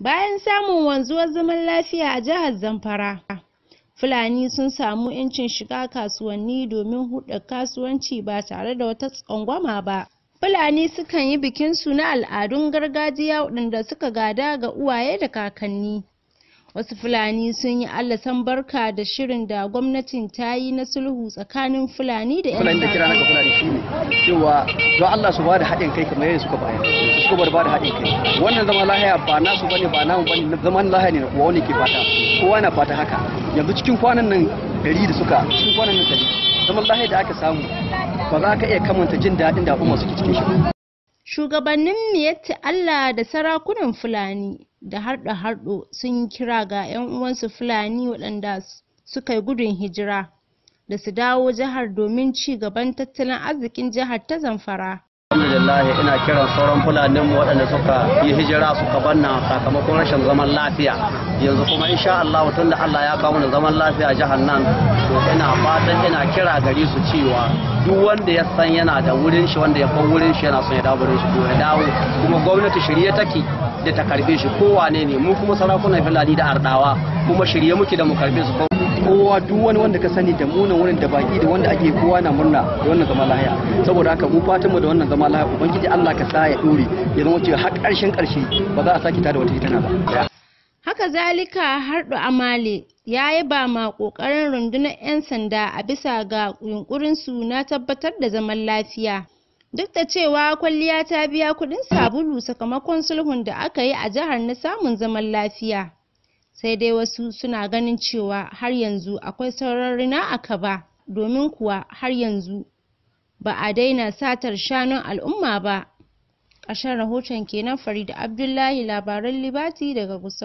Bayan samun wanzuwar zaman lafiya a jihar Zamfara, Fulani sun samu 'yancin shiga kasuwanni domin huɗa kasuwanci ba tare da wata tsangwama ba. Fulani sukan yi bikinsu na al'adun gargajiya waɗanda suka gada ga uwaye da kakanni. wasu fulani sun yi allah san barka da shirin da gwamnatin ta yi na sulhu tsakanin fulani da 'yan fulani da kira naka fulani shine cewa don Allah su bada haɗin kai kamar yadda suka bayar su suka bar bada haɗin kai wannan zama lahiya ba na su bane ba namu bane zaman lahiya ne wa wani ke fata kowa na fata haka yanzu cikin kwanan nan gari da suka cikin kwanan nan gari zaman lahiya da aka samu ba za ka iya kamanta jin daɗin da al'umma suke cikin shi shugabannin miyatti Allah da sarakunan Fulani da harɗe-harɗo sun yi kira ga 'yan uwansu Fulani waɗanda suka yi gudun hijira da su dawo jihar domin ci gaban tattalin arzikin jihar ta Zamfara. alhamdulillah ina kiran sauran fulanin waɗanda suka yi hijira suka banna sakamakon rashin zaman lafiya yanzu kuma insha Allah tun da Allah ya kawo da zaman lafiya jihar nan to ina fatan ina kira gari su cewa duk wanda ya san yana da wurin shi wanda ya kwan wurin shi yana son ya dawo wurin shi to ya dawo kuma gwamnati shirye take da ta karbe shi kowane ne mu kuma sarakunan fulani da ardawa kuma shirye muke da mu karbe su kowa duk wani wanda ka sani da munan wurin da baki da wanda ake kowa na murna da wannan zama lahiya saboda haka mu fatan mu da wannan zama lahiya ubangiji Allah ka sa ya dore ya zama cewa har karshen karshe ba za a saki ta da wata hitana ba haka zalika harɗu amali ya yi ba ma kokarin rundunar 'yan sanda a bisa ga su na tabbatar da zaman lafiya duk da cewa kwalliya ta biya kudin sabulu sakamakon sulhun da aka yi a jihar na samun zaman lafiya sai dai wasu suna ganin cewa har yanzu akwai sauran rina a kaba domin kuwa har yanzu ba a daina satar shanun al'umma ba ƙarshen rahoton kenan farid Abdullahi labaran libati daga Gusau